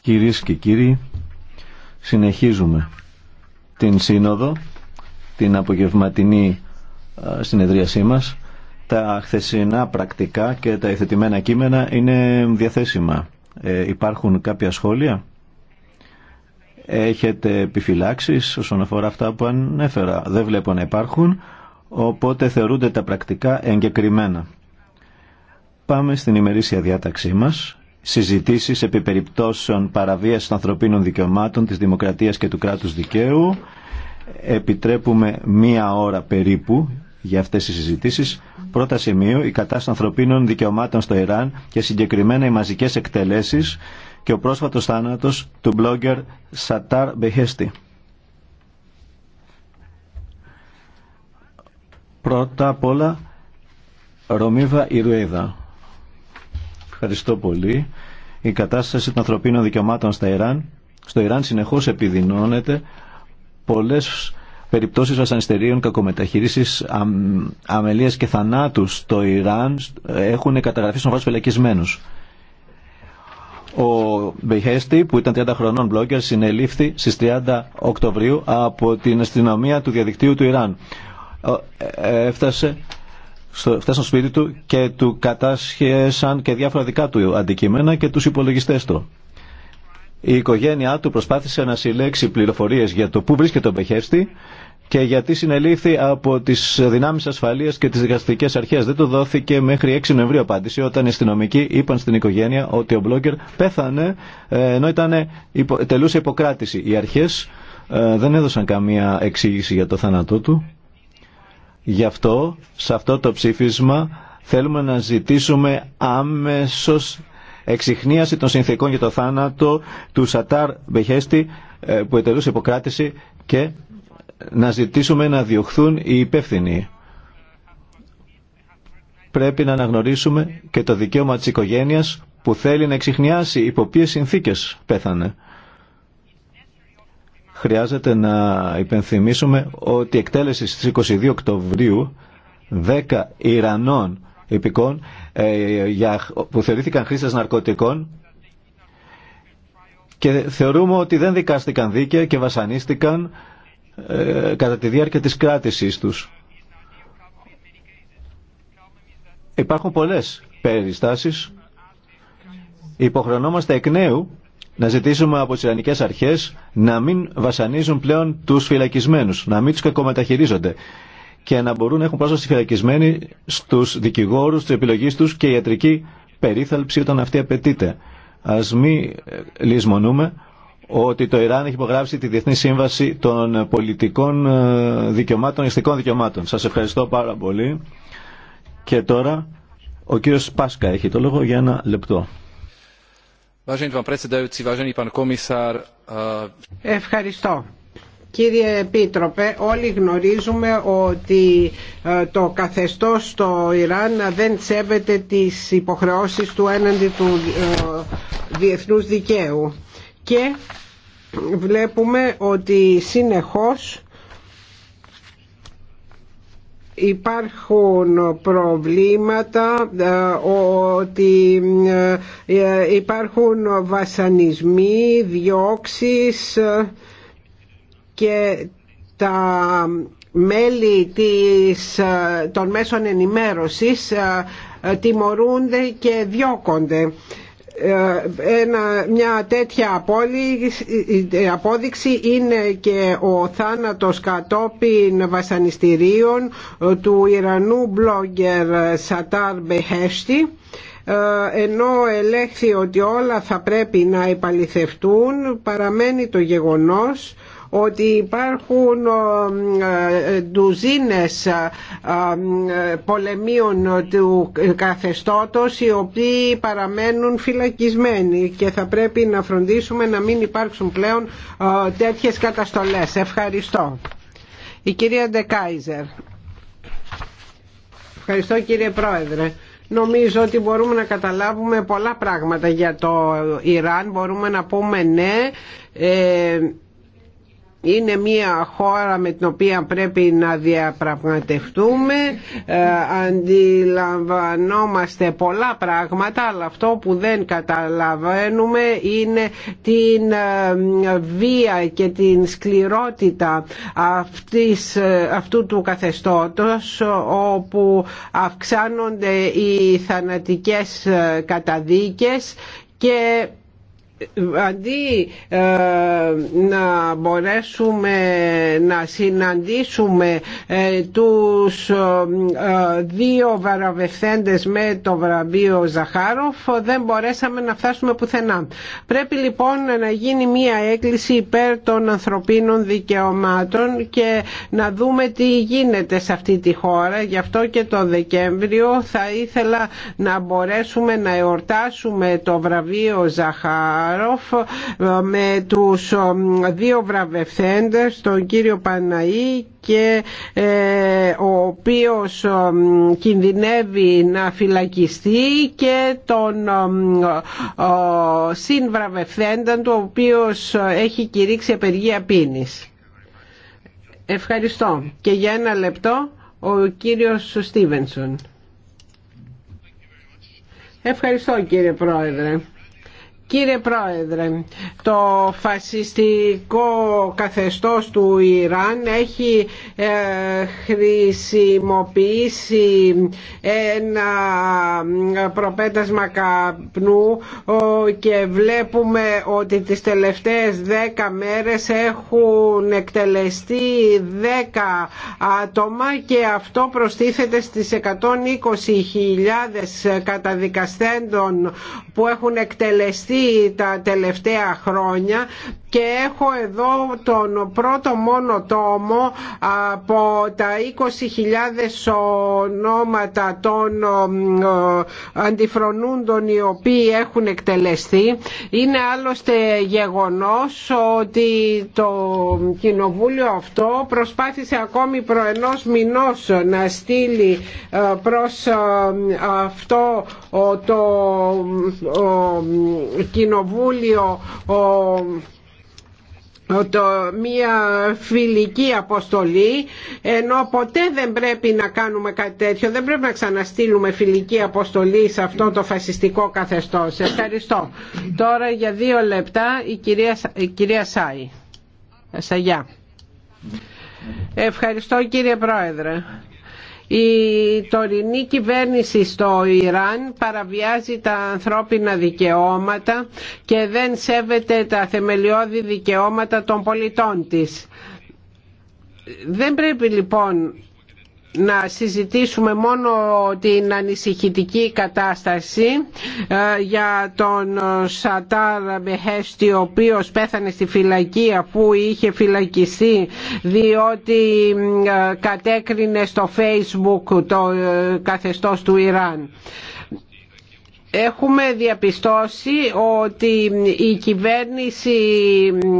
Κυρίε και κύριοι, συνεχίζουμε την σύνοδο, την απογευματινή συνεδρίασή μας. Τα χθεσινά πρακτικά και τα εθετημένα κείμενα είναι διαθέσιμα. Ε, υπάρχουν κάποια σχόλια. Έχετε επιφυλάξεις όσον αφορά αυτά που ανέφερα. Δεν βλέπω να υπάρχουν, οπότε θεωρούνται τα πρακτικά εγκεκριμένα. Πάμε στην ημερήσια διάταξή μας. Συζητήσεις επί περιπτώσεων παραβίασης των ανθρωπίνων δικαιωμάτων, της δημοκρατίας και του κράτους δικαίου. Επιτρέπουμε μία ώρα περίπου για αυτές τις συζητήσεις. Πρώτα σημείο, η κατάσταση ανθρωπίνων δικαιωμάτων στο Ιράν και συγκεκριμένα οι μαζικές εκτελέσεις και ο πρόσφατος θάνατος του blogger Σατάρ Μπεχέστη. Πρώτα απ' όλα, Ρωμίβα Ιρουέδα. Ευχαριστώ πολύ. Η κατάσταση των ανθρωπίνων δικαιωμάτων στα Ιράν, στο Ιράν συνεχώς επιδεινώνεται. Πολλές περιπτώσεις βασανιστερίων, κακομεταχείρισης, αμελίες και θανάτους στο Ιράν έχουν καταγραφεί στον ο Μπεχέστη που ήταν 30 χρονών blogger συνελήφθη στις 30 Οκτωβρίου από την αστυνομία του διαδικτύου του Ιράν. Ε, έφτασε στο, φτάσαν στο σπίτι του και του κατάσχεσαν και διάφορα δικά του αντικείμενα και τους υπολογιστές του. Η οικογένειά του προσπάθησε να συλλέξει πληροφορίες για το πού βρίσκεται ο Μπεχέστη και γιατί συνελήφθη από τι δυνάμει ασφαλεία και τι δικαστικέ αρχέ. Δεν του δόθηκε μέχρι 6 Νοεμβρίου απάντηση, όταν οι αστυνομικοί είπαν στην οικογένεια ότι ο μπλόγκερ πέθανε ε, ενώ ήταν υπο, τελούσε υποκράτηση. Οι αρχέ ε, δεν έδωσαν καμία εξήγηση για το θάνατό του. Γι' αυτό, σε αυτό το ψήφισμα, θέλουμε να ζητήσουμε άμεσως εξυχνίαση των συνθήκων για το θάνατο του Σατάρ Μπεχέστη ε, που ετελούσε υποκράτηση και να ζητήσουμε να διωχθούν οι υπεύθυνοι. Πρέπει να αναγνωρίσουμε και το δικαίωμα της οικογένειας που θέλει να εξηχνιάσει υπό ποιε συνθήκες πέθανε. Χρειάζεται να υπενθυμίσουμε ότι η εκτέλεση στις 22 Οκτωβρίου 10 Ιρανών υπηκών ε, που θεωρήθηκαν χρήστες ναρκωτικών και θεωρούμε ότι δεν δικάστηκαν δίκαια και βασανίστηκαν ε, κατά τη διάρκεια της κράτησής τους. Υπάρχουν πολλές περιστάσεις. Υποχρεωνόμαστε εκ νέου να ζητήσουμε από τις Ιρανικές αρχές να μην βασανίζουν πλέον τους φυλακισμένους, να μην τους κακομεταχειρίζονται και να μπορούν να έχουν πρόσβαση φυλακισμένοι στους δικηγόρους, της επιλογής τους και ιατρική περίθαλψη όταν αυτή απαιτείται. Ας μην ε, λησμονούμε ότι το Ιράν έχει υπογράψει τη Διεθνή Σύμβαση των Πολιτικών ε, Δικαιωμάτων, Ιστικών Δικαιωμάτων. Σας ευχαριστώ πάρα πολύ. Και τώρα ο κύριος Πάσκα έχει το λόγο για ένα λεπτό. Ε, ευχαριστώ. Κύριε Επίτροπε, όλοι γνωρίζουμε ότι ε, το καθεστώς στο Ιράν δεν σέβεται τις υποχρεώσεις του έναντι του διεθνούς δικαίου και βλέπουμε ότι συνεχώς υπάρχουν προβλήματα ε, ότι ε, υπάρχουν βασανισμοί, διώξεις ε, και τα μέλη της, των μέσων ενημέρωσης τιμωρούνται και διώκονται. Ε, ένα, μια τέτοια απόδειξη είναι και ο θάνατος κατόπιν βασανιστήριων ε, του Ιρανού blogger Σατάρ Μπεχέστη ε, ενώ ελέγχθη ότι όλα θα πρέπει να επαληθευτούν παραμένει το γεγονός ότι υπάρχουν ε, ε, ντουζίνες πολεμίων του καθεστώτος οι οποίοι παραμένουν φυλακισμένοι και θα πρέπει να φροντίσουμε να μην υπάρξουν πλέον τέτοιες καταστολές. Ευχαριστώ. Η κυρία Ντεκάιζερ. Ευχαριστώ κύριε Πρόεδρε. Νομίζω ότι μπορούμε να καταλάβουμε πολλά πράγματα για το Ιράν. Μπορούμε να πούμε ναι ε, είναι μια χώρα με την οποία πρέπει να διαπραγματευτούμε ε, αντιλαμβανόμαστε πολλά πράγματα αλλά αυτό που δεν καταλαβαίνουμε είναι την ε, βία και την σκληρότητα αυτής, ε, αυτού του καθεστώτος όπου αυξάνονται οι θανατικές καταδίκες και αντί ε, να μπορέσουμε να συναντήσουμε ε, τους ε, ε, δύο βαραβευθέντες με το βραβείο Ζαχάροφ δεν μπορέσαμε να φτάσουμε πουθενά. Πρέπει λοιπόν να γίνει μία έκκληση υπέρ των ανθρωπίνων δικαιωμάτων και να δούμε τι γίνεται σε αυτή τη χώρα. Γι' αυτό και το Δεκέμβριο θα ήθελα να μπορέσουμε να εορτάσουμε το βραβείο Ζαχάροφ με τους δύο βραβευθέντες, τον κύριο Παναή και ε, ο οποίος κινδυνεύει να φυλακιστεί και τον συνβραβευθέντα του ο οποίος έχει κηρύξει απεργία πίνης. Ευχαριστώ. Και για ένα λεπτό ο κύριος Στίβενσον. Ευχαριστώ κύριε Πρόεδρε. Κύριε Πρόεδρε, το φασιστικό καθεστώς του Ιράν έχει ε, χρησιμοποιήσει ένα ε, προπέτασμα καπνού και βλέπουμε ότι τις τελευταίες δέκα μέρες έχουν εκτελεστεί δέκα άτομα και αυτό προστίθεται στις 120.000 καταδικαστέντων που έχουν εκτελεστεί τα τελευταία χρόνια και έχω εδώ τον πρώτο μόνο τόμο από τα 20.000 ονόματα των αντιφρονούντων οι οποίοι έχουν εκτελεστεί. Είναι άλλωστε γεγονός ότι το κοινοβούλιο αυτό προσπάθησε ακόμη προενός μηνός να στείλει ε, προς ε, αυτό το κοινοβούλιο το, μια φιλική αποστολή ενώ ποτέ δεν πρέπει να κάνουμε κάτι τέτοιο δεν πρέπει να ξαναστείλουμε φιλική αποστολή σε αυτό το φασιστικό καθεστώς ευχαριστώ τώρα για δύο λεπτά η κυρία, η κυρία Σάι Σαγιά ευχαριστώ κύριε Πρόεδρε η τωρινή κυβέρνηση στο Ιράν παραβιάζει τα ανθρώπινα δικαιώματα και δεν σέβεται τα θεμελιώδη δικαιώματα των πολιτών της. Δεν πρέπει λοιπόν να συζητήσουμε μόνο την ανησυχητική κατάσταση ε, για τον Σατάρ Μπεχέστη ο οποίος πέθανε στη φυλακή αφού είχε φυλακιστεί διότι ε, κατέκρινε στο facebook το ε, καθεστώς του Ιράν. Έχουμε διαπιστώσει ότι η κυβέρνηση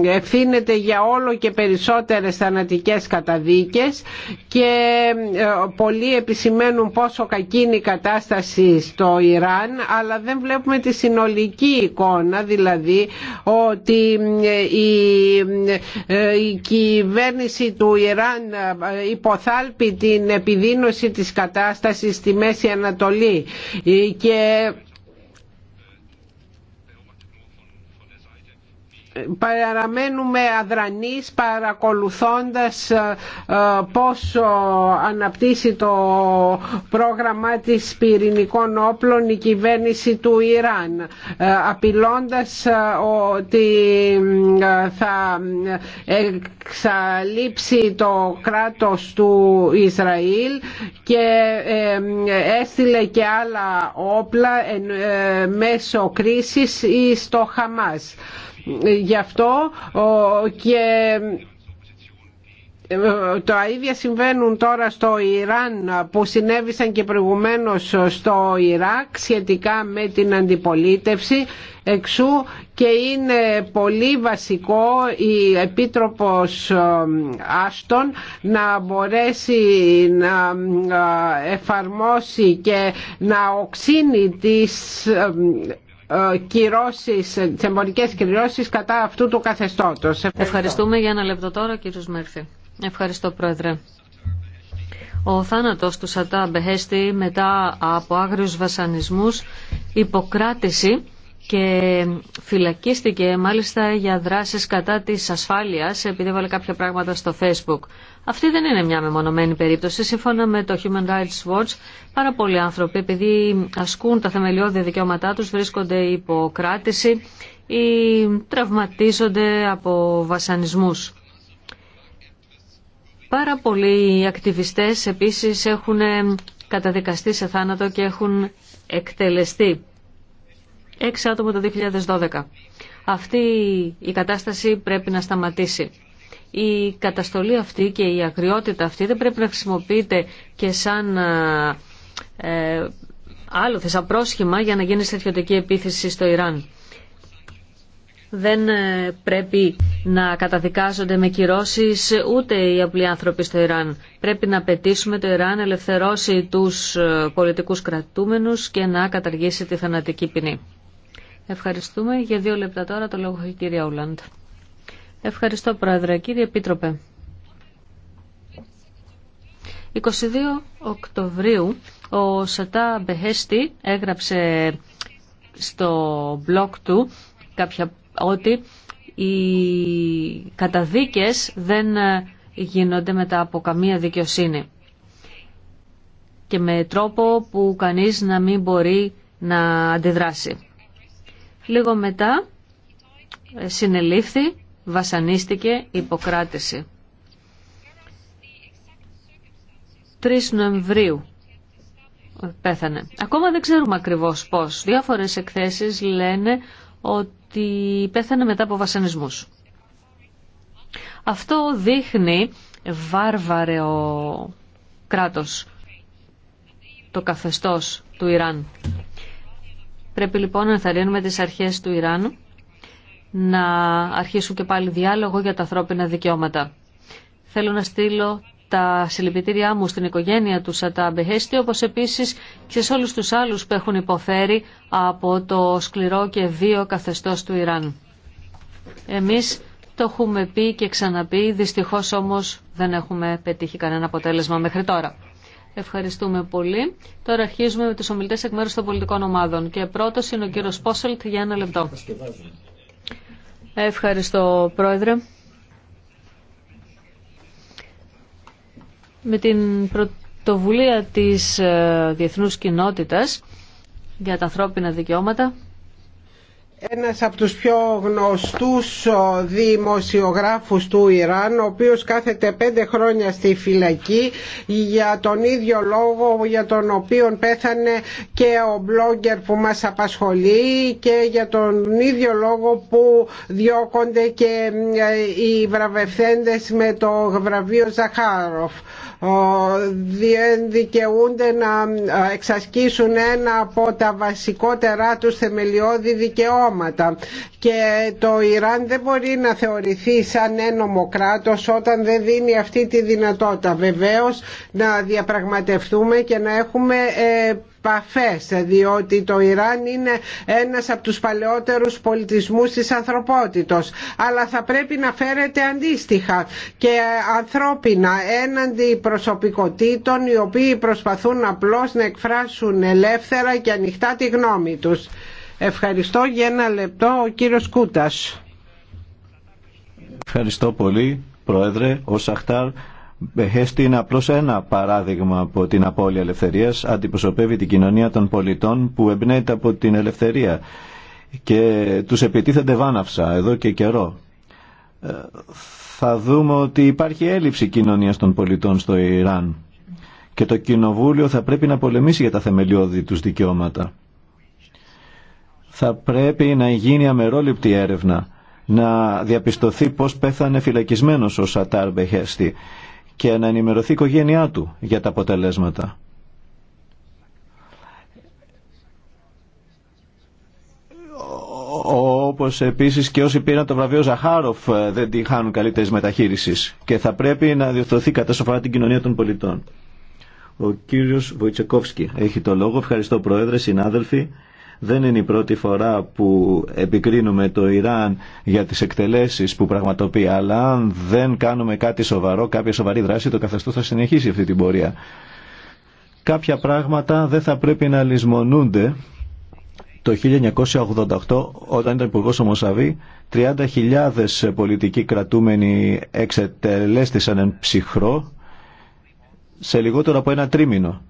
ευθύνεται για όλο και περισσότερες θανατικές καταδίκες και ε, πολλοί επισημαίνουν πόσο κακή είναι η κατάσταση στο Ιράν αλλά δεν βλέπουμε τη συνολική εικόνα δηλαδή ότι ε, ε, η, κυβέρνηση του Ιράν υποθάλπει την επιδείνωση της κατάστασης στη Μέση Ανατολή και παραμένουμε αδρανείς παρακολουθώντας ε, ε, πώς αναπτύσσει το πρόγραμμα της πυρηνικών όπλων η κυβέρνηση του Ιράν ε, απειλώντας ότι θα εξαλείψει το κράτος του Ισραήλ και έστειλε και άλλα όπλα μέσω κρίσης ή στο Χαμάς. Γι' αυτό και ε, τα ίδια συμβαίνουν τώρα στο Ιράν που συνέβησαν και προηγουμένως στο Ιράκ σχετικά με την αντιπολίτευση εξού και είναι πολύ βασικό η Επίτροπος ε, Άστον να μπορέσει να ε, εφαρμόσει και να οξύνει τις ε, κυρώσεις, τις εμπορικές κυρώσεις κατά αυτού του καθεστώτος. Ευχαριστώ. Ευχαριστούμε για ένα λεπτό τώρα κύριος Μέρφη. Ευχαριστώ πρόεδρε. Ο θάνατος του Σατά Μπεχέστη μετά από άγριους βασανισμούς, υποκράτηση και φυλακίστηκε μάλιστα για δράσεις κατά της ασφάλειας επειδή έβαλε κάποια πράγματα στο facebook. Αυτή δεν είναι μια μεμονωμένη περίπτωση. Σύμφωνα με το Human Rights Watch, πάρα πολλοί άνθρωποι επειδή ασκούν τα θεμελιώδη δικαιώματά τους βρίσκονται υποκράτηση κράτηση ή τραυματίζονται από βασανισμούς. Πάρα πολλοί ακτιβιστές επίσης έχουν καταδικαστεί σε θάνατο και έχουν εκτελεστεί. Έξι άτομα το 2012. Αυτή η κατάσταση πρέπει να σταματήσει. Η καταστολή αυτή και η ακριότητα αυτή δεν πρέπει να χρησιμοποιείται και σαν ε, άλλο σαν πρόσχημα για να γίνει στρατιωτική επίθεση στο Ιράν. Δεν ε, πρέπει να καταδικάζονται με κυρώσεις ούτε οι απλοί άνθρωποι στο Ιράν. Πρέπει να πετήσουμε το Ιράν να ελευθερώσει τους ε, πολιτικούς κρατούμενους και να καταργήσει τη θανατική ποινή. Ευχαριστούμε. Για δύο λεπτά τώρα το λόγο έχει η κυρία Ούλαντ. Ευχαριστώ, Πρόεδρε. Κύριε Επίτροπε, 22 Οκτωβρίου ο Σατά Μπεχέστη έγραψε στο blog του κάποια, ότι οι καταδίκες δεν γίνονται μετά από καμία δικαιοσύνη και με τρόπο που κανείς να μην μπορεί να αντιδράσει. Λίγο μετά ε, συνελήφθη, βασανίστηκε υποκράτηση. 3 Νοεμβρίου ε, πέθανε. Ακόμα δεν ξέρουμε ακριβώς πώς. Διάφορες εκθέσεις λένε ότι πέθανε μετά από βασανισμούς. Αυτό δείχνει βάρβαρεο κράτος, το καθεστώς του Ιράν. Πρέπει λοιπόν να ενθαρρύνουμε τις αρχές του Ιράνου να αρχίσουν και πάλι διάλογο για τα ανθρώπινα δικαιώματα. Θέλω να στείλω τα συλληπιτήριά μου στην οικογένεια του Σατά Μπεχέστη, όπως επίσης και σε όλους τους άλλους που έχουν υποφέρει από το σκληρό και βίο καθεστώς του Ιράν. Εμείς το έχουμε πει και ξαναπεί, δυστυχώς όμως δεν έχουμε πετύχει κανένα αποτέλεσμα μέχρι τώρα. Ευχαριστούμε πολύ. Τώρα αρχίζουμε με τους ομιλητές εκ μέρους των πολιτικών ομάδων. Και πρώτος είναι ο κύριος Πόσελτ για ένα λεπτό. Ευχαριστώ, Πρόεδρε. Με την πρωτοβουλία της ε, διεθνούς κοινότητας για τα ανθρώπινα δικαιώματα ένας από τους πιο γνωστούς δημοσιογράφους του Ιράν ο οποίος κάθεται πέντε χρόνια στη φυλακή για τον ίδιο λόγο για τον οποίο πέθανε και ο μπλόγκερ που μας απασχολεί και για τον ίδιο λόγο που διώκονται και ε, οι βραβευθέντες με το βραβείο Ζαχάροφ δικαιούνται να ε, εξασκήσουν ένα από τα βασικότερά τους θεμελιώδη δικαιώματα και το Ιράν δεν μπορεί να θεωρηθεί σαν ένομο κράτος όταν δεν δίνει αυτή τη δυνατότητα βεβαίως να διαπραγματευτούμε και να έχουμε ε, διότι το Ιράν είναι ένας από τους παλαιότερους πολιτισμούς της ανθρωπότητος αλλά θα πρέπει να φέρεται αντίστοιχα και ανθρώπινα έναντι προσωπικότητων οι οποίοι προσπαθούν απλώς να εκφράσουν ελεύθερα και ανοιχτά τη γνώμη τους. Ευχαριστώ για ένα λεπτό ο κύριος Κούτας. Ευχαριστώ πολύ Πρόεδρε, ο Σαχτάρ είναι απλώ ένα παράδειγμα από την απώλεια ελευθερίας αντιπροσωπεύει την κοινωνία των πολιτών που εμπνέεται από την ελευθερία και τους επιτίθενται βάναυσα εδώ και καιρό. Ε, θα δούμε ότι υπάρχει έλλειψη κοινωνίας των πολιτών στο Ιράν και το Κοινοβούλιο θα πρέπει να πολεμήσει για τα θεμελιώδη τους δικαιώματα. Θα πρέπει να γίνει αμερόληπτη έρευνα, να διαπιστωθεί πώς πέθανε φυλακισμένος ο Σατάρ Μπεχέστη και να ενημερωθεί η οικογένειά του για τα αποτελέσματα. όπως επίσης και όσοι πήραν το βραβείο Ζαχάροφ ε, δεν τη χάνουν καλύτερη μεταχείριση και θα πρέπει να διορθωθεί κατά σοφά την κοινωνία των πολιτών. Ο κύριος Βοητσεκόφσκι έχει το λόγο. Ευχαριστώ Πρόεδρε, συνάδελφοι. Δεν είναι η πρώτη φορά που επικρίνουμε το Ιράν για τις εκτελέσεις που πραγματοποιεί, αλλά αν δεν κάνουμε κάτι σοβαρό, κάποια σοβαρή δράση, το καθεστώς θα συνεχίσει αυτή την πορεία. Κάποια πράγματα δεν θα πρέπει να λησμονούνται. Το 1988, όταν ήταν υπουργό ο Μοσαβή, 30.000 πολιτικοί κρατούμενοι εξετελέστησαν εν ψυχρό σε λιγότερο από ένα τρίμηνο.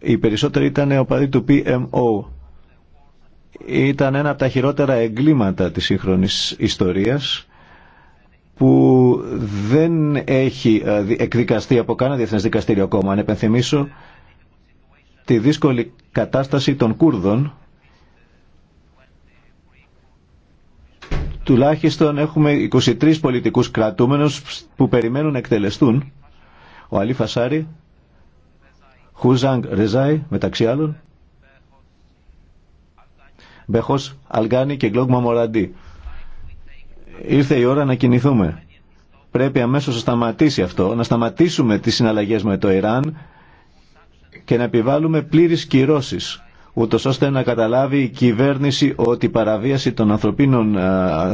Οι περισσότεροι ήταν οπαδοί του PMO. Ήταν ένα από τα χειρότερα εγκλήματα της σύγχρονης ιστορίας που δεν έχει ε, εκδικαστεί από κανένα διεθνές δικαστήριο ακόμα. Αν επενθυμίσω τη δύσκολη κατάσταση των Κούρδων τουλάχιστον έχουμε 23 πολιτικούς κρατούμενους που περιμένουν να εκτελεστούν. Ο Αλή Φασάρη Χουζάνγκ Ρεζάι, μεταξύ άλλων, Μπεχός Αλγάνι και γλόγμα Μαμοραντί. Ήρθε η ώρα να κινηθούμε. Πρέπει αμέσως να σταματήσει αυτό, να σταματήσουμε τις συναλλαγές με το Ιράν και να επιβάλλουμε πλήρεις κυρώσεις, ούτως ώστε να καταλάβει η κυβέρνηση ότι η παραβίαση των ανθρωπίνων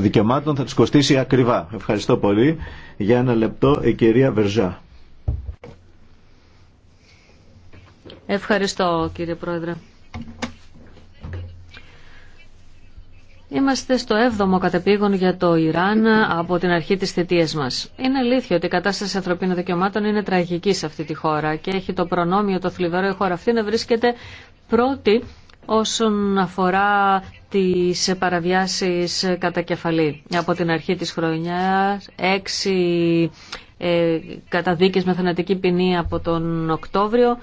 δικαιωμάτων θα τους κοστίσει ακριβά. Ευχαριστώ πολύ. Για ένα λεπτό η κυρία Βερζά. Ευχαριστώ κύριε Πρόεδρε. Είμαστε στο 7ο κατεπήγον για το Ιράν από την αρχή της θητείας μας. Είναι αλήθεια ότι η κατάσταση ανθρωπίνων δικαιωμάτων είναι τραγική σε αυτή τη χώρα και έχει το προνόμιο το θλιβερό η χώρα αυτή να βρίσκεται πρώτη όσον αφορά τις παραβιάσεις κατά κεφαλή. Από την αρχή της χρονιάς, έξι ε, καταδίκες με θανατική ποινή από τον Οκτώβριο,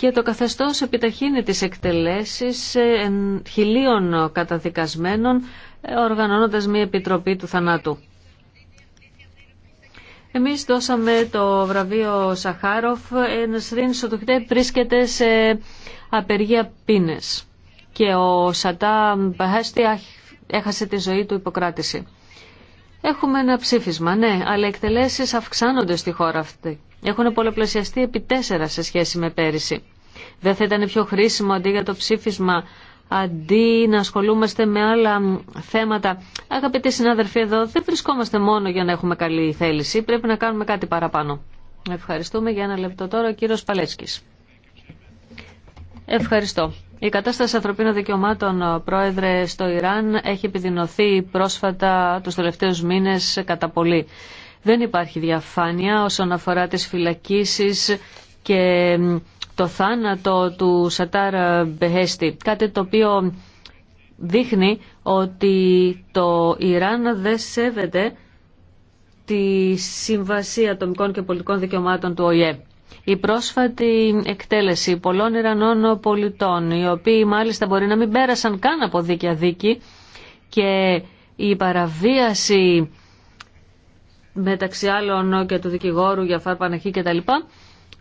και το καθεστώς επιταχύνει τις εκτελέσεις ε, χιλίων καταδικασμένων ε, οργανώνοντας μια επιτροπή του θανάτου. Εμείς δώσαμε το βραβείο Σαχάροφ Ενσρίν Σοτουχτέ βρίσκεται σε απεργία πίνες. και ο Σατά Μπαχέστη έχασε τη ζωή του υποκράτηση. Έχουμε ένα ψήφισμα, ναι, αλλά οι εκτελέσεις αυξάνονται στη χώρα αυτή έχουν πολλαπλασιαστεί επί τέσσερα σε σχέση με πέρυσι. Δεν θα ήταν πιο χρήσιμο αντί για το ψήφισμα, αντί να ασχολούμαστε με άλλα θέματα. Αγαπητοί συνάδελφοι, εδώ δεν βρισκόμαστε μόνο για να έχουμε καλή θέληση. Πρέπει να κάνουμε κάτι παραπάνω. Ευχαριστούμε για ένα λεπτό τώρα ο κύριος Παλέσκης. Ευχαριστώ. Η κατάσταση ανθρωπίνων δικαιωμάτων, πρόεδρε, στο Ιράν έχει επιδεινωθεί πρόσφατα τους τελευταίους μήνες κατά πολύ. Δεν υπάρχει διαφάνεια όσον αφορά τις φυλακίσεις και το θάνατο του Σατάρ Μπεχέστη. Κάτι το οποίο δείχνει ότι το Ιράν δεν σέβεται τη Συμβασία Ατομικών και Πολιτικών Δικαιωμάτων του ΟΗΕ. Η πρόσφατη εκτέλεση πολλών Ιρανών πολιτών, οι οποίοι μάλιστα μπορεί να μην πέρασαν καν από δίκαια δίκη και η παραβίαση μεταξύ άλλων και του δικηγόρου για φαρπαναχή κτλ.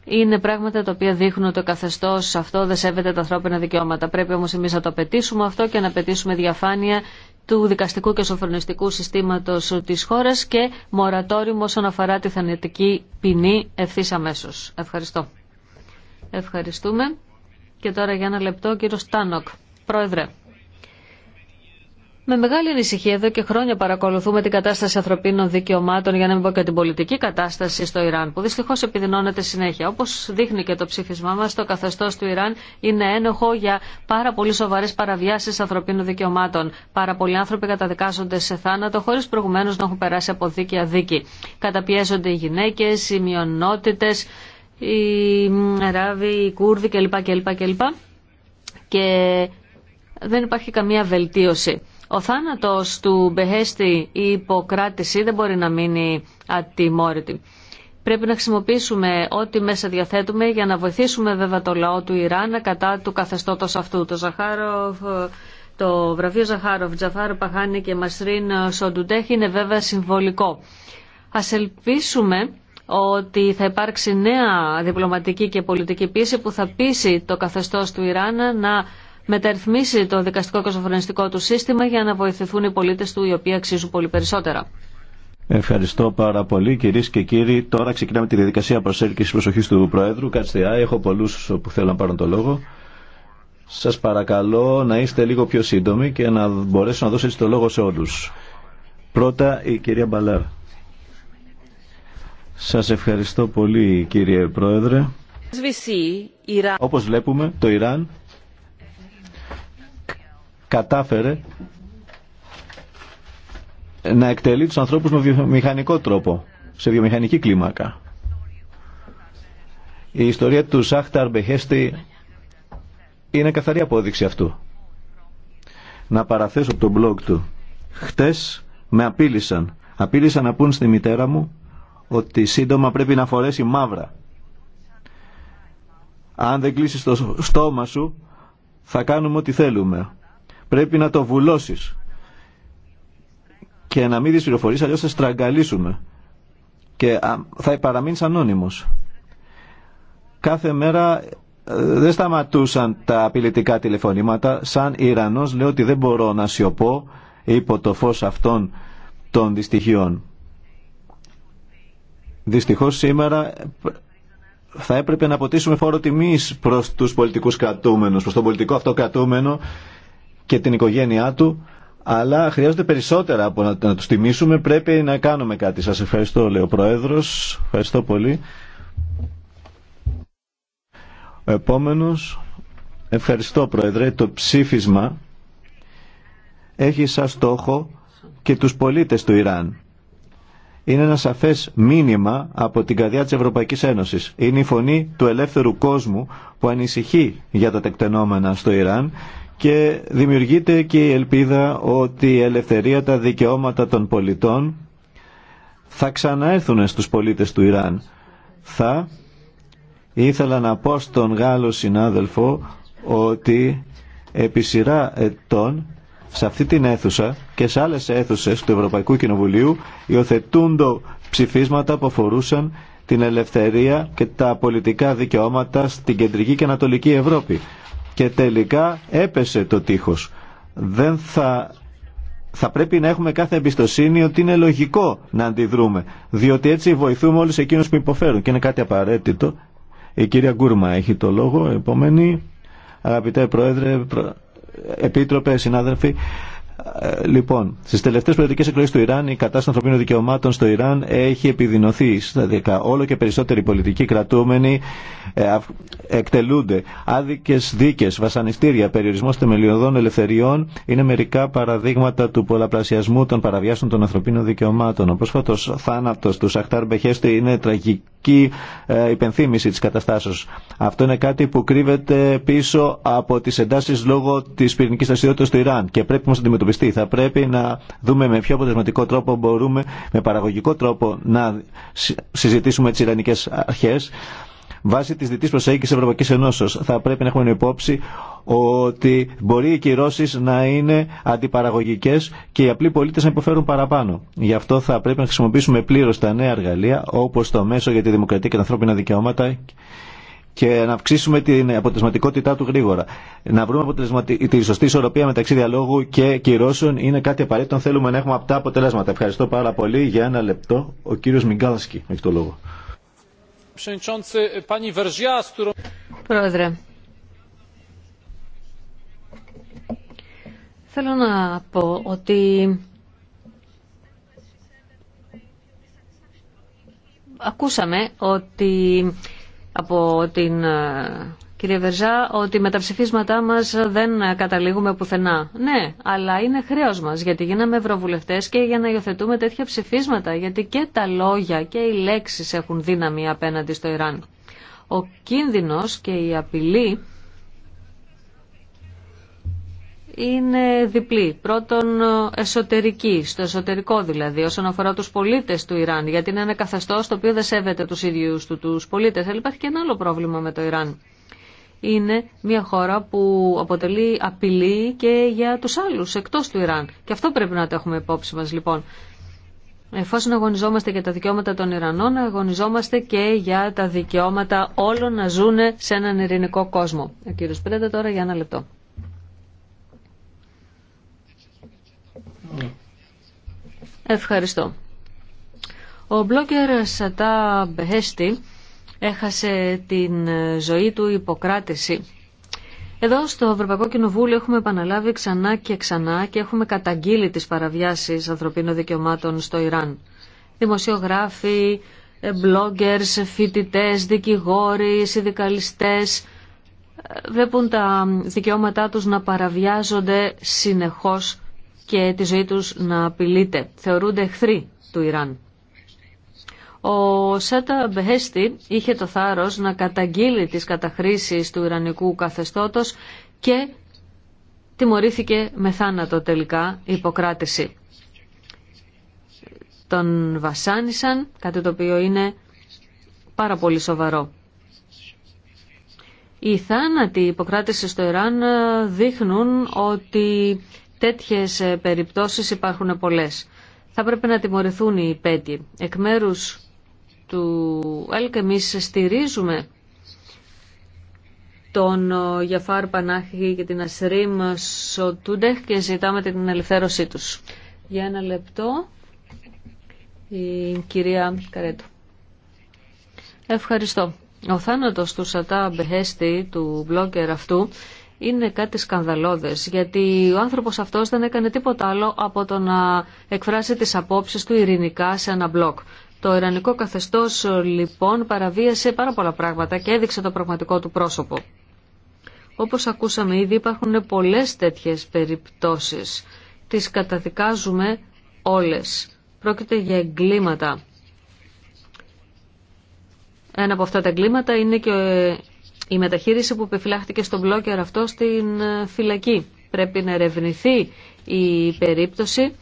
Είναι πράγματα τα οποία δείχνουν ότι ο καθεστώ αυτό δεν σέβεται τα ανθρώπινα δικαιώματα. Πρέπει όμω εμεί να το απαιτήσουμε αυτό και να απαιτήσουμε διαφάνεια του δικαστικού και σοφρονιστικού συστήματο τη χώρα και μορατόριμο όσον αφορά τη θανετική ποινή ευθύ αμέσω. Ευχαριστώ. Ευχαριστούμε. Και τώρα για ένα λεπτό, κύριο Στάνοκ. Πρόεδρε, με μεγάλη ανησυχία εδώ και χρόνια παρακολουθούμε την κατάσταση ανθρωπίνων δικαιωμάτων, για να μην πω και την πολιτική κατάσταση στο Ιράν, που δυστυχώ επιδεινώνεται συνέχεια. Όπως δείχνει και το ψήφισμά μας, το καθεστώ του Ιράν είναι ένοχο για πάρα πολύ σοβαρέ παραβιάσεις ανθρωπίνων δικαιωμάτων. Πάρα πολλοί άνθρωποι καταδικάζονται σε θάνατο χωρίς προηγουμένω να έχουν περάσει από δίκη Καταπιέζονται οι γυναίκε, οι μειονότητε, οι ράβοι, οι Κούρδοι κλπ. κλπ. Και δεν υπάρχει καμία βελτίωση. Ο θάνατος του Μπεχέστη η υποκράτηση δεν μπορεί να μείνει ατιμόρυτη. Πρέπει να χρησιμοποιήσουμε ό,τι μέσα διαθέτουμε για να βοηθήσουμε βέβαια το λαό του Ιράν κατά του καθεστώτος αυτού. Το, Ζαχάροφ, το βραβείο Ζαχάροφ, Τζαφάρο Παχάνη και Μασρίν Σοντουτέχ είναι βέβαια συμβολικό. Ας ελπίσουμε ότι θα υπάρξει νέα διπλωματική και πολιτική πίεση που θα πείσει το καθεστώς του Ιράν να μεταρρυθμίσει το δικαστικό και σοφρονιστικό του σύστημα για να βοηθηθούν οι πολίτες του οι οποίοι αξίζουν πολύ περισσότερα. Ευχαριστώ πάρα πολύ κυρίε και κύριοι. Τώρα ξεκινάμε τη διαδικασία προσέλκυση προσοχή του Προέδρου. Κάτσε, έχω πολλού που θέλουν να πάρουν το λόγο. Σα παρακαλώ να είστε λίγο πιο σύντομοι και να μπορέσω να δώσω το λόγο σε όλου. Πρώτα η κυρία Μπαλάρ. Σα ευχαριστώ πολύ κύριε Πρόεδρε. Όπω βλέπουμε το Ιράν κατάφερε να εκτελεί τους ανθρώπους με βιομηχανικό τρόπο, σε βιομηχανική κλίμακα. Η ιστορία του Σάχταρ Μπεχέστη είναι καθαρή απόδειξη αυτού. Να παραθέσω από το blog του. Χτες με απείλησαν. Απείλησαν να πούν στη μητέρα μου ότι σύντομα πρέπει να φορέσει μαύρα. Αν δεν κλείσεις το στόμα σου θα κάνουμε ό,τι θέλουμε. Πρέπει να το βουλώσεις και να μην δεις πληροφορίε αλλιώς θα στραγγαλίσουμε και θα παραμείνεις ανώνυμος. Κάθε μέρα ε, δεν σταματούσαν τα απειλητικά τηλεφωνήματα. Σαν Ιρανός λέω ότι δεν μπορώ να σιωπώ υπό το φως αυτών των δυστυχιών. Δυστυχώς σήμερα ε, θα έπρεπε να αποτίσουμε φόρο τιμής προς τους πολιτικούς κρατούμενους, προς τον πολιτικό αυτό και την οικογένειά του, αλλά χρειάζεται περισσότερα από να, να τους τιμήσουμε, πρέπει να κάνουμε κάτι. Σας ευχαριστώ, λέει ο Πρόεδρος, ευχαριστώ πολύ. Ο επόμενος, ευχαριστώ Πρόεδρε, το ψήφισμα έχει σαν στόχο και τους πολίτες του Ιράν. Είναι ένα σαφές μήνυμα από την καρδιά της Ευρωπαϊκής Ένωσης. Είναι η φωνή του ελεύθερου κόσμου που ανησυχεί για τα τεκτενόμενα στο Ιράν και δημιουργείται και η ελπίδα ότι η ελευθερία, τα δικαιώματα των πολιτών θα ξαναέρθουν στους πολίτες του Ιράν. Θα ήθελα να πω στον Γάλλο συνάδελφο ότι επί σειρά ετών σε αυτή την αίθουσα και σε άλλες αίθουσες του Ευρωπαϊκού Κοινοβουλίου υιοθετούντο ψηφίσματα που αφορούσαν την ελευθερία και τα πολιτικά δικαιώματα στην κεντρική και ανατολική Ευρώπη και τελικά έπεσε το τείχος. Δεν θα, θα πρέπει να έχουμε κάθε εμπιστοσύνη ότι είναι λογικό να αντιδρούμε, διότι έτσι βοηθούμε όλους εκείνους που υποφέρουν και είναι κάτι απαραίτητο. Η κυρία Γκούρμα έχει το λόγο, επόμενη. Αγαπητέ Πρόεδρε, Επίτροπε, συνάδελφοι, ε, λοιπόν, στι τελευταίε προεδρικέ εκλογέ του Ιράν η κατάσταση ανθρωπίνων δικαιωμάτων στο Ιράν έχει επιδεινωθεί σταδιακά. Όλο και περισσότεροι πολιτικοί κρατούμενοι ε, εκτελούνται. Άδικε δίκε, βασανιστήρια, περιορισμό θεμελιωδών ελευθεριών είναι μερικά παραδείγματα του πολλαπλασιασμού των παραβιάσεων των ανθρωπίνων δικαιωμάτων. Ο πρόσφατο θάνατο του Σαχτάρ Μπεχέστη είναι τραγική ε, υπενθύμηση τη καταστάσεω. Αυτό είναι κάτι που κρύβεται πίσω από τι εντάσει λόγω τη πυρηνική δραστηριότητα του Ιράν και πρέπει να αντιμετωπιστεί. Θα πρέπει να δούμε με ποιο αποτελεσματικό τρόπο μπορούμε, με παραγωγικό τρόπο, να συζητήσουμε τι Ιρανικέ αρχέ. Βάσει τη διτή προσέγγιση Ευρωπαϊκή Ενώσεω, θα πρέπει να έχουμε υπόψη ότι μπορεί οι κυρώσει να είναι αντιπαραγωγικέ και οι απλοί πολίτε να υποφέρουν παραπάνω. Γι' αυτό θα πρέπει να χρησιμοποιήσουμε πλήρω τα νέα εργαλεία, όπω το μέσο για τη δημοκρατία και τα ανθρώπινα δικαιώματα και να αυξήσουμε την αποτελεσματικότητά του γρήγορα. Να βρούμε τη σωστή ισορροπία μεταξύ διαλόγου και κυρώσεων είναι κάτι απαραίτητο θέλουμε να έχουμε αυτά αποτελέσματα. Ευχαριστώ πάρα πολύ. Για ένα λεπτό, ο κύριος Μιγκάλσκι έχει το λόγο. Πρόεδρε, θέλω να πω ότι ακούσαμε ότι από την ε, κυρία Βερζά ότι με τα ψηφίσματά μας δεν καταλήγουμε πουθενά. Ναι, αλλά είναι χρέο μας γιατί γίναμε ευρωβουλευτές και για να υιοθετούμε τέτοια ψηφίσματα γιατί και τα λόγια και οι λέξεις έχουν δύναμη απέναντι στο Ιράν. Ο κίνδυνος και η απειλή είναι διπλή. Πρώτον εσωτερική, στο εσωτερικό δηλαδή, όσον αφορά τους πολίτες του Ιράν, γιατί είναι ένα καθεστώς το οποίο δεν σέβεται τους ίδιους του τους πολίτες. Αλλά υπάρχει και ένα άλλο πρόβλημα με το Ιράν. Είναι μια χώρα που αποτελεί απειλή και για τους άλλους εκτός του Ιράν. Και αυτό πρέπει να το έχουμε υπόψη μας λοιπόν. Εφόσον αγωνιζόμαστε για τα δικαιώματα των Ιρανών, αγωνιζόμαστε και για τα δικαιώματα όλων να ζουν σε έναν ειρηνικό κόσμο. Ο κύριος Πρέντα τώρα για ένα λεπτό. Ευχαριστώ. Ο μπλόγκερ Σατά Μπεχέστη έχασε την ζωή του υποκράτηση. Εδώ στο Ευρωπαϊκό Κοινοβούλιο έχουμε επαναλάβει ξανά και ξανά και έχουμε καταγγείλει τις παραβιάσεις ανθρωπίνων δικαιωμάτων στο Ιράν. Δημοσιογράφοι, bloggers, φοιτητέ, δικηγόροι, συνδικαλιστές ε, βλέπουν τα δικαιώματά τους να παραβιάζονται συνεχώς και τη ζωή τους να απειλείται. Θεωρούνται εχθροί του Ιράν. Ο Σέτα Μπεχέστη είχε το θάρρος να καταγγείλει τις καταχρήσεις του Ιρανικού καθεστώτος και τιμωρήθηκε με θάνατο τελικά υποκράτηση. Τον βασάνισαν, κάτι το οποίο είναι πάρα πολύ σοβαρό. Οι θάνατοι υποκράτηση στο Ιράν ε, δείχνουν ότι Τέτοιες ε, περιπτώσεις υπάρχουν πολλές. Θα πρέπει να τιμωρηθούν οι πέτοι. Εκ μέρους του ΕΛΚ εμείς στηρίζουμε τον ε, Γιαφάρ Πανάχη και την Ασρίμ Σοτούντεχ και ζητάμε την ελευθέρωσή τους. Για ένα λεπτό, η κυρία Καρέτου. Ευχαριστώ. Ο θάνατος του Σατά Μπεχέστη, του μπλόκερ αυτού, είναι κάτι σκανδαλώδες, γιατί ο άνθρωπος αυτός δεν έκανε τίποτα άλλο από το να εκφράσει τις απόψεις του ειρηνικά σε ένα μπλοκ. Το Ιρανικό καθεστώς λοιπόν παραβίασε πάρα πολλά πράγματα και έδειξε το πραγματικό του πρόσωπο. Όπως ακούσαμε ήδη υπάρχουν πολλές τέτοιες περιπτώσεις. Τις καταδικάζουμε όλες. Πρόκειται για εγκλήματα. Ένα από αυτά τα εγκλήματα είναι και η μεταχείριση που επιφυλάχθηκε στον μπλόκερ αυτό στην ε, φυλακή. Πρέπει να ερευνηθεί η περίπτωση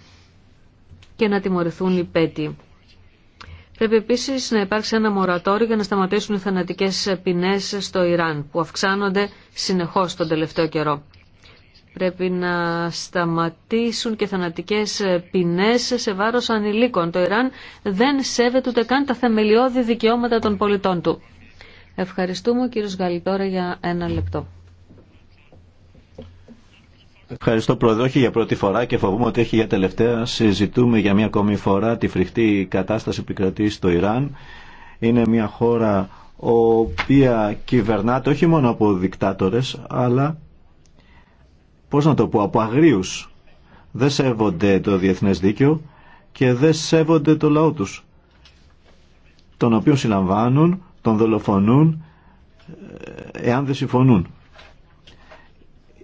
και να τιμωρηθούν οι πέτοι. Πρέπει επίσης να υπάρξει ένα μορατόριο για να σταματήσουν οι θανατικές ποινές στο Ιράν που αυξάνονται συνεχώς τον τελευταίο καιρό. Πρέπει να σταματήσουν και θανατικές ποινές σε βάρος ανηλίκων. Το Ιράν δεν σέβεται ούτε καν τα θεμελιώδη δικαιώματα των πολιτών του. Ευχαριστούμε ο κύριος Γαλιτόρα για ένα λεπτό. Ευχαριστώ Πρόεδρε, όχι για πρώτη φορά και φοβούμαι ότι έχει για τελευταία. Συζητούμε για μια ακόμη φορά τη φρικτή κατάσταση που επικρατεί στο Ιράν. Είναι μια χώρα οποία κυβερνάται όχι μόνο από δικτάτορες, αλλά πώς να το πω, από αγρίους. Δεν σέβονται το διεθνές δίκαιο και δεν σέβονται το λαό τους, τον οποίο συλλαμβάνουν τον δολοφονούν εάν δεν συμφωνούν.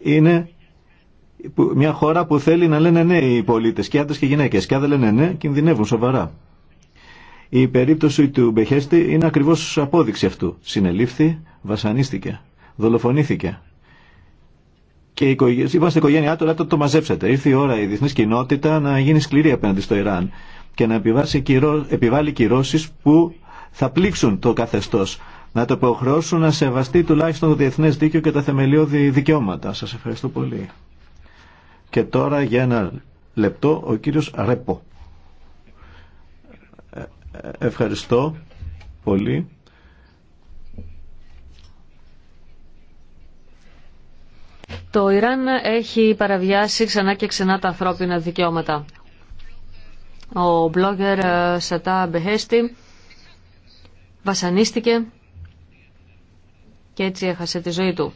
Είναι μια χώρα που θέλει να λένε ναι οι πολίτες και άντρες και γυναίκες και αν δεν λένε ναι κινδυνεύουν σοβαρά. Η περίπτωση του Μπεχέστη είναι ακριβώς απόδειξη αυτού. Συνελήφθη, βασανίστηκε, δολοφονήθηκε. Και η είμαστε οικογένειά του, το, το μαζέψατε. Ήρθε η ώρα η διεθνή κοινότητα να γίνει σκληρή απέναντι στο Ιράν και να επιβάλλει κυρώσει που θα πλήξουν το καθεστώς να το υποχρεώσουν να σεβαστεί τουλάχιστον το διεθνές δίκαιο και τα θεμελιώδη δικαιώματα. Σας ευχαριστώ πολύ. Και τώρα για ένα λεπτό ο κύριος Ρέπο. Ευχαριστώ πολύ. Το Ιράν έχει παραβιάσει ξανά και ξανά τα ανθρώπινα δικαιώματα. Ο blogger ε, Σατά Μπεχέστη βασανίστηκε και έτσι έχασε τη ζωή του.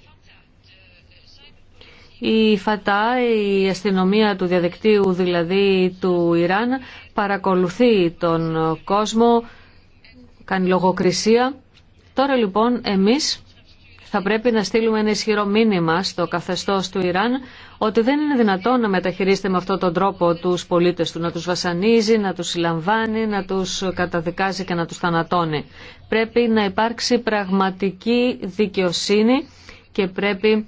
Η ΦΑΤΑ, η αστυνομία του διαδικτύου δηλαδή του Ιράν, παρακολουθεί τον κόσμο, κάνει λογοκρισία. Τώρα λοιπόν εμείς θα πρέπει να στείλουμε ένα ισχυρό μήνυμα στο καθεστώς του Ιράν ότι δεν είναι δυνατόν να μεταχειρίζεται με αυτόν τον τρόπο τους πολίτες του, να τους βασανίζει, να τους συλλαμβάνει, να τους καταδικάζει και να τους θανατώνει. Πρέπει να υπάρξει πραγματική δικαιοσύνη και πρέπει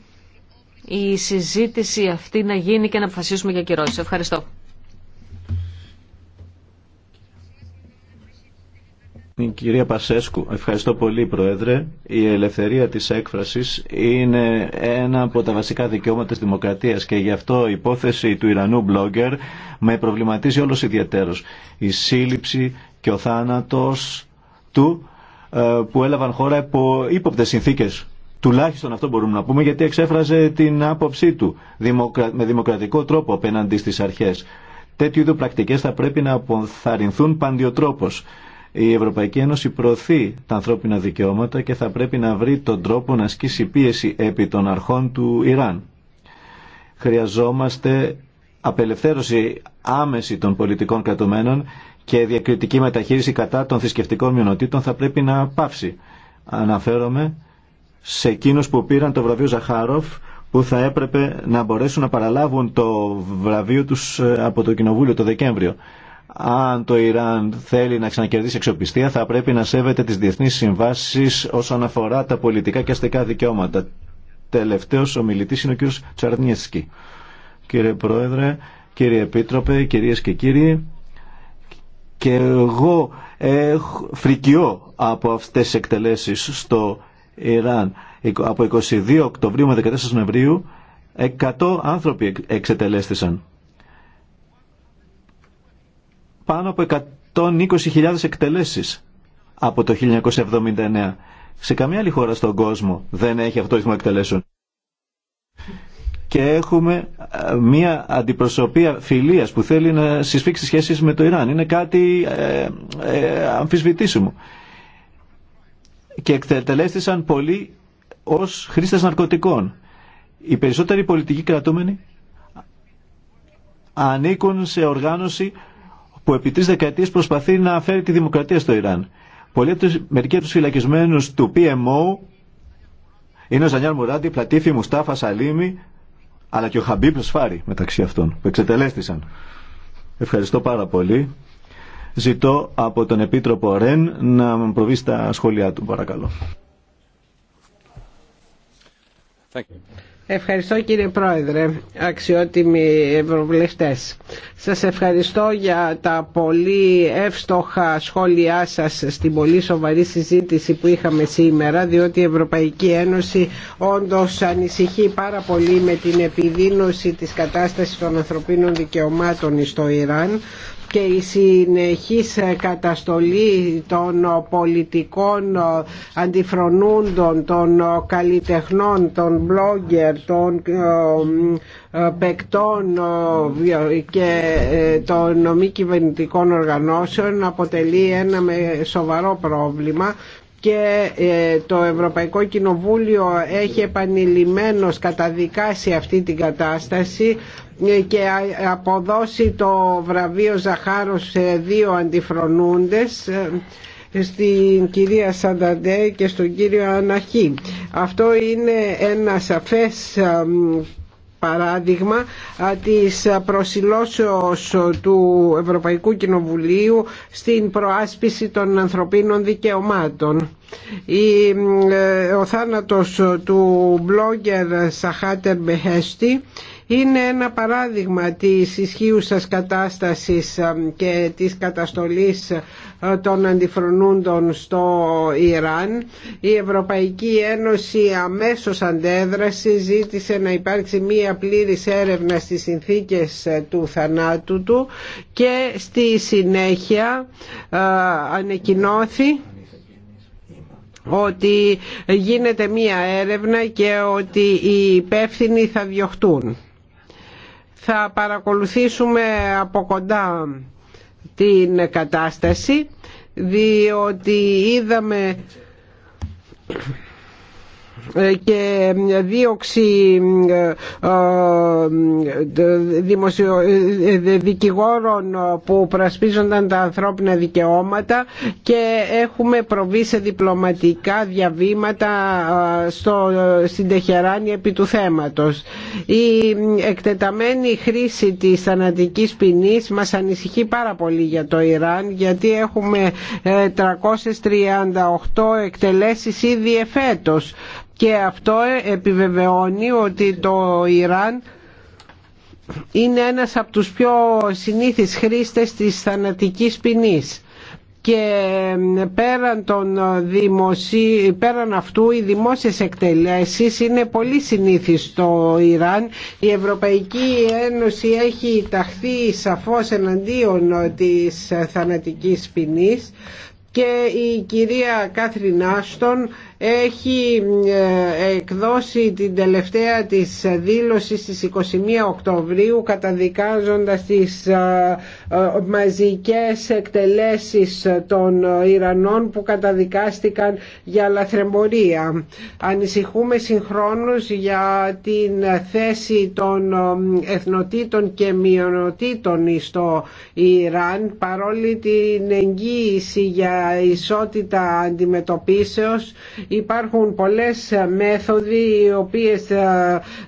η συζήτηση αυτή να γίνει και να αποφασίσουμε για κυρώσει. Ευχαριστώ. την κυρία Πασέσκου. Ευχαριστώ πολύ, Πρόεδρε. Η ελευθερία της έκφρασης είναι ένα από τα βασικά δικαιώματα της δημοκρατίας και γι' αυτό η υπόθεση του Ιρανού blogger με προβληματίζει όλος ιδιαίτερος. Η σύλληψη και ο θάνατος του ε, που έλαβαν χώρα υπό ύποπτες συνθήκες. Τουλάχιστον αυτό μπορούμε να πούμε γιατί εξέφραζε την άποψή του με δημοκρατικό τρόπο απέναντι στις αρχές. Τέτοιου είδου πρακτικές θα πρέπει να αποθαρρυνθούν παντιοτρόπως. Η Ευρωπαϊκή Ένωση προωθεί τα ανθρώπινα δικαιώματα και θα πρέπει να βρει τον τρόπο να ασκήσει πίεση επί των αρχών του Ιράν. Χρειαζόμαστε απελευθέρωση άμεση των πολιτικών κρατουμένων και διακριτική μεταχείριση κατά των θρησκευτικών μειονοτήτων θα πρέπει να πάψει. Αναφέρομαι σε εκείνους που πήραν το βραβείο Ζαχάροφ που θα έπρεπε να μπορέσουν να παραλάβουν το βραβείο τους ε, από το Κοινοβούλιο το Δεκέμβριο αν το Ιράν θέλει να ξανακερδίσει εξοπιστία θα πρέπει να σέβεται τις διεθνείς συμβάσεις όσον αφορά τα πολιτικά και αστικά δικαιώματα. Τελευταίος ομιλητής είναι ο κύριος Τσαρνιέσκι. Κύριε Πρόεδρε, κύριε Επίτροπε, κυρίες και κύριοι, και εγώ έχω φρικιώ από αυτές τις εκτελέσεις στο Ιράν. Από 22 Οκτωβρίου με 14 Νοεμβρίου 100 άνθρωποι εξετελέστησαν πάνω από 120.000 εκτελέσεις από το 1979. Σε καμία άλλη χώρα στον κόσμο δεν έχει αυτό το ρυθμό εκτελέσεων. Και έχουμε ε, μια αντιπροσωπεία φιλίας που θέλει να συσφίξει σχέσεις με το Ιράν. Είναι κάτι ε, ε, αμφισβητήσιμο. Και εκτελέστησαν πολλοί ως χρήστες ναρκωτικών. Οι περισσότεροι πολιτικοί κρατούμενοι ανήκουν σε οργάνωση που επί τρει δεκαετίε προσπαθεί να φέρει τη δημοκρατία στο Ιράν. Πολλοί από τους, μερικοί από του φυλακισμένου του PMO είναι ο Ζανιάρ Μουράντι, Πλατήφη Μουστάφα Σαλίμι, αλλά και ο Χαμπίπ Σφάρη μεταξύ αυτών που εξετελέστησαν. Ευχαριστώ πάρα πολύ. Ζητώ από τον Επίτροπο Ρεν να προβεί στα σχόλιά του, παρακαλώ. Thank Ευχαριστώ κύριε Πρόεδρε, αξιότιμοι ευρωβουλευτές. Σας ευχαριστώ για τα πολύ εύστοχα σχόλιά σας στην πολύ σοβαρή συζήτηση που είχαμε σήμερα, διότι η Ευρωπαϊκή Ένωση όντως ανησυχεί πάρα πολύ με την επιδείνωση της κατάστασης των ανθρωπίνων δικαιωμάτων στο Ιράν και η συνεχής καταστολή των πολιτικών αντιφρονούντων, των καλλιτεχνών, των blogger, των ε, ε, παικτών ε, και των μη κυβερνητικών οργανώσεων αποτελεί ένα σοβαρό πρόβλημα και ε, το Ευρωπαϊκό Κοινοβούλιο έχει επανειλημμένως καταδικάσει αυτή την κατάσταση ε, και αποδώσει το βραβείο Ζαχάρος σε δύο αντιφρονούντες ε, στην κυρία Σανταντέ και στον κύριο Αναχή. Αυτό είναι ένα σαφές παράδειγμα της προσιλώσεως του Ευρωπαϊκού Κοινοβουλίου στην προάσπιση των ανθρωπίνων δικαιωμάτων. Η, ε, ο θάνατος του blogger Σαχάτερ Μπεχέστη είναι ένα παράδειγμα της ισχύουσας κατάστασης ε, και της καταστολής ε, των αντιφρονούντων στο Ιράν. Η Ευρωπαϊκή Ένωση αμέσως αντέδρασε, ζήτησε να υπάρξει μία πλήρης έρευνα στις συνθήκες ε, του θανάτου του και στη συνέχεια ανακοινώθη ότι γίνεται μία έρευνα και ότι οι υπεύθυνοι θα διωχτούν θα παρακολουθήσουμε από κοντά την κατάσταση διότι είδαμε ε, και ε, δίωξη ε, δικηγόρων που πρασπίζονταν τα ανθρώπινα δικαιώματα και έχουμε προβεί σε διπλωματικά διαβήματα στο, στην Τεχεράνη επί του θέματος. Η εκτεταμένη χρήση της θανατικής ποινή μας ανησυχεί πάρα πολύ για το Ιράν γιατί έχουμε 338 εκτελέσεις ήδη εφέτος και αυτό ε, επιβεβαιώνει ότι το Ιράν είναι ένας από τους πιο συνήθεις χρήστες της θανατικής ποινής και πέραν, των δημοσί... πέραν αυτού οι δημόσιες εκτελέσεις είναι πολύ συνήθεις στο Ιράν. Η Ευρωπαϊκή Ένωση έχει ταχθεί σαφώς εναντίον της θανατικής ποινής και η κυρία Κάθριν Άστον έχει ε, εκδώσει την τελευταία της δήλωση στις 21 Οκτωβρίου καταδικάζοντας τις ε, ε, μαζικές εκτελέσεις των Ιρανών που καταδικάστηκαν για λαθρεμπορία. Ανησυχούμε συγχρόνως για την θέση των εθνοτήτων και μειονοτήτων στο Ιράν παρόλη την εγγύηση για ισότητα αντιμετωπίσεως Υπάρχουν πολλές μέθοδοι οι οποίες ε,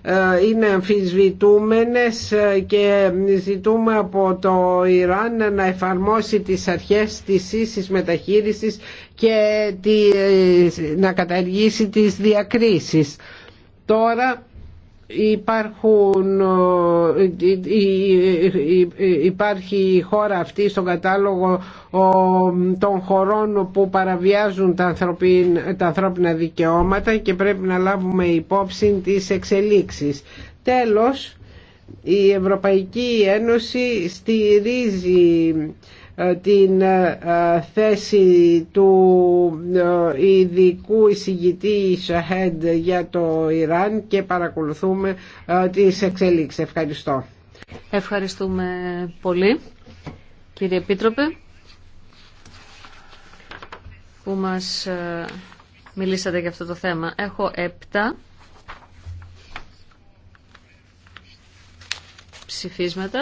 ε, είναι αμφισβητούμενες και ζητούμε από το Ιράν να εφαρμόσει τις αρχές της ίσης μεταχείρισης και να καταργήσει τις διακρίσεις. Τώρα υπάρχουν, ε, υπάρχει η χώρα αυτή στον κατάλογο των χωρών που παραβιάζουν τα, τα ανθρώπινα δικαιώματα και πρέπει να λάβουμε υπόψη τις εξελίξεις. Τέλος, η Ευρωπαϊκή Ένωση στηρίζει ε, την ε, ε, θέση του ειδικού εισηγητή Σαχέντ για το Ιράν και παρακολουθούμε τις εξελίξεις. Ευχαριστώ. Ευχαριστούμε πολύ κύριε Επίτροπε που μας μιλήσατε για αυτό το θέμα. Έχω έπτα ψηφίσματα